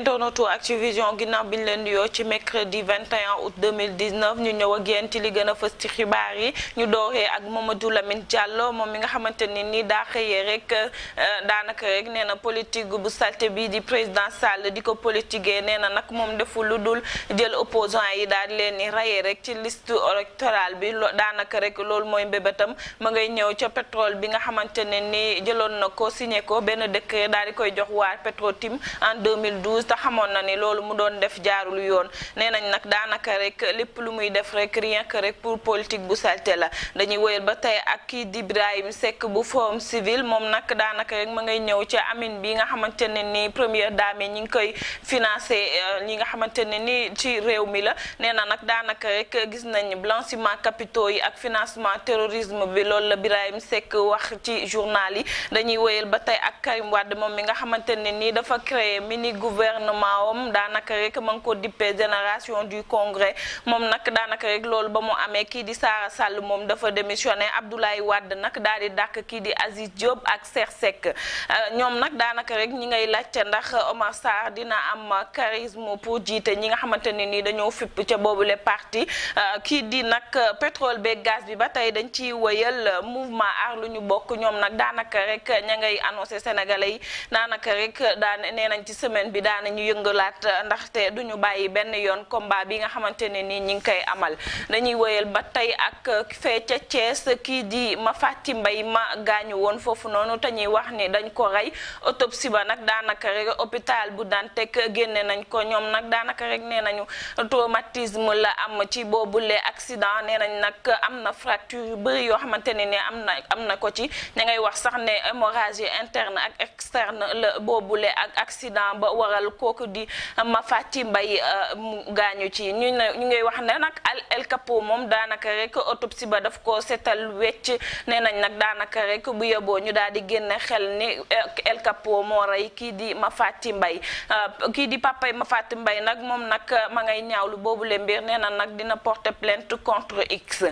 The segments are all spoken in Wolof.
internetu Activision ginnaaw bi ñu leen di yoo ci mercredi 21 août 2019 ñu ñëw ak yéen ci li gën a fës ci xibaar yi ñu dooree ak Mamadou Lamine Diallo moom mi nga xamante ni nii daa xëyee rek euh, daanaka rek nee na politique bu salte bi di président Sall di ko politiquer nee na nag moom deful lu dul jël opposant yi daal di leen di rayee rek ci liste électorale bi daanaka rek loolu mooy mbébétam ma ngay ñëw ca pétrole bi nga xamante ne ni jëloon na ko signé ko benn dëkk daal di koy jox waa te xamoon na ni loolu mu doon def jaarul yoon nee nañ nag daanaka rek lépp lu muy def rek rien que rek pour politique bu salte la dañuy wéyal ba tey ak kii di Ibrahim Seck bu Forum Civil moom nag daanaka ma ngay ñëw ci amine bi nga xamante ne ni première dame ñi ngi koy financé euh, ñi nga xamante ne ni ci réew mi la nee na nag daanaka gis nañ blanchiment capitaux yi ak financement terrorisme bi loolu la Ibrahim Seck wax ci journal yi dañuy wéyal ba tey ak Karim Wade moom mi nga xamante ne ni dafa créé mini gouvernement gouvernement am daanaka rek ma ngi ko dippee génération du congrès moom nag daanaka rek loolu ba mu amee kii di Saara Sall moom dafa démissionné Abdoulaye wadd nag daal di dàkk kii di Aziz Diop ak Cheikh Seck euh, ñoom nag daanaka rek ñi ngay laajte ndax Omar Sarr dina am charisme pour jiite ñi nga xamante ne nii dañoo fipp ca boobu le parti euh, kii di nag pétrole beeg gaz bi ba tey dañ ciy wëyal mouvement aar lu ñu bokk ñoom nag daanaka rek ña ngay annoncé sénégalais yi danañu yëngalaat ndaxte duñu bàyyi benn yoon combat bi nga xamante ne nii ñi ngi koy amal dañuy wéyal ba tey ak fee ca Thiès kii di ma fàtti mbay ma gaañu woon foofu noonu te ñuy wax ni dañ ko rey autopsie ba nag daanaka rek hôpital bu Dantec génne nañ ko ñoom nag daanaka rek nee nañu traumatisme la am ci boobule accident nee nañ nag am na fracture yu bëri yoo xamante ne ni am na am na ko ci ña ngay wax sax ne hémorragie interne ak externe la boobule ak accident ba waral kooku di Mafati Mbaye euh, mu gaañu ci ñu ne ñu ngay wax ne nag El Capo moom daanaka rekk autopsie ba daf ko seetal wecc nee nañ nag daanaka rekk bu yeboo ñu daal di génne xel ni euh, El Capo moo rey kii di ma Mafati mbay euh, kii di ma Mafati mbay nag moom nag ma ngay ñaawlu boobu le mbir nee na nag dina porter plainte contre X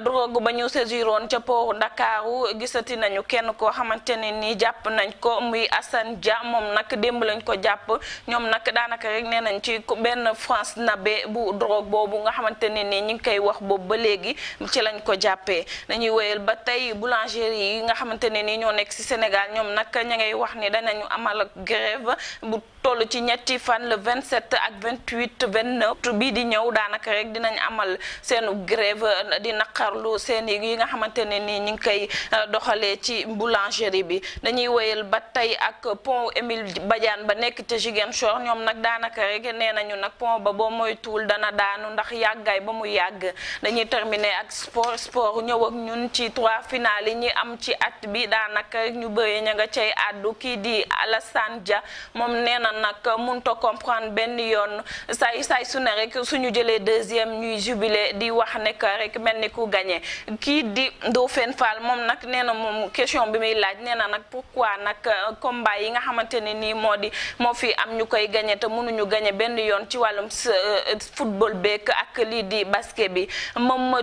drogue ba ñu saisiroon ca pooru Ndakaaru gisati nañu kenn koo xamante ne nii jàpp nañ ko muy Assane Dia moom nag démb lañ ko jàpp ñoom nag daanaka rek nee nañ ci benn France nabe bu drogue boobu nga xamante ne ni ñu ngi koy wax boobu ba léegi ci lañ ko jàppee dañuy wéyal ba tey boulangerie yi nga xamante ne ni ñoo nekk ci Sénégal ñoom nag ña ngay wax ni danañu amal ak grève bu toll ci ñetti fan le 27 ak 28 29 bii di ñëw daanaka rek dinañ amal seen grève di naqarlu seen yi nga xamante ne ni ñu ngi koy euh, doxalee ci boulangerie bi dañuy wéyal ba tey ak pont Émile Badiane ba nekk te jugeen Ziguinchor ñoom nag daanaka rek nee nañu nag pont ba boo moytuwul dana daanu ndax yàggaay ba mu yàgg dañuy terminer ak sport sport ñëw ak ñun ci trois finales yi ñi am ci at bi daanaka ñu bëree ña nga cay àddu kii di Alassane Dia moom nee na nag mënta comprendre benn yoon saay saay rek suñu jëlee deuxième ñuy jubilé di wax ne que rek mel ni ku gagné kii di Ndofène Fall moom nag nee na moom question bi muy laaj nee na nag pourquoi nag combat yi nga xamante ñu koy gagné te mënuñu gagné benn yoon ci wàllum euh, euh, football beeg ak lii di basket bi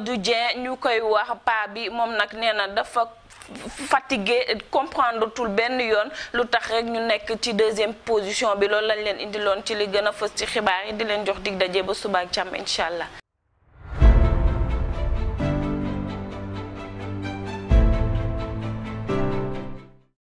du Dieng ñu koy wax pa bi moom nag nee na dafa fatigué comprendre benn yoon lu tax rek ñu nekk ci deuxième position bi loolu lañ leen indiloon ci li gën a fës ci xibaar yi di leen jox dig dajee ba suba jàmm incha allah.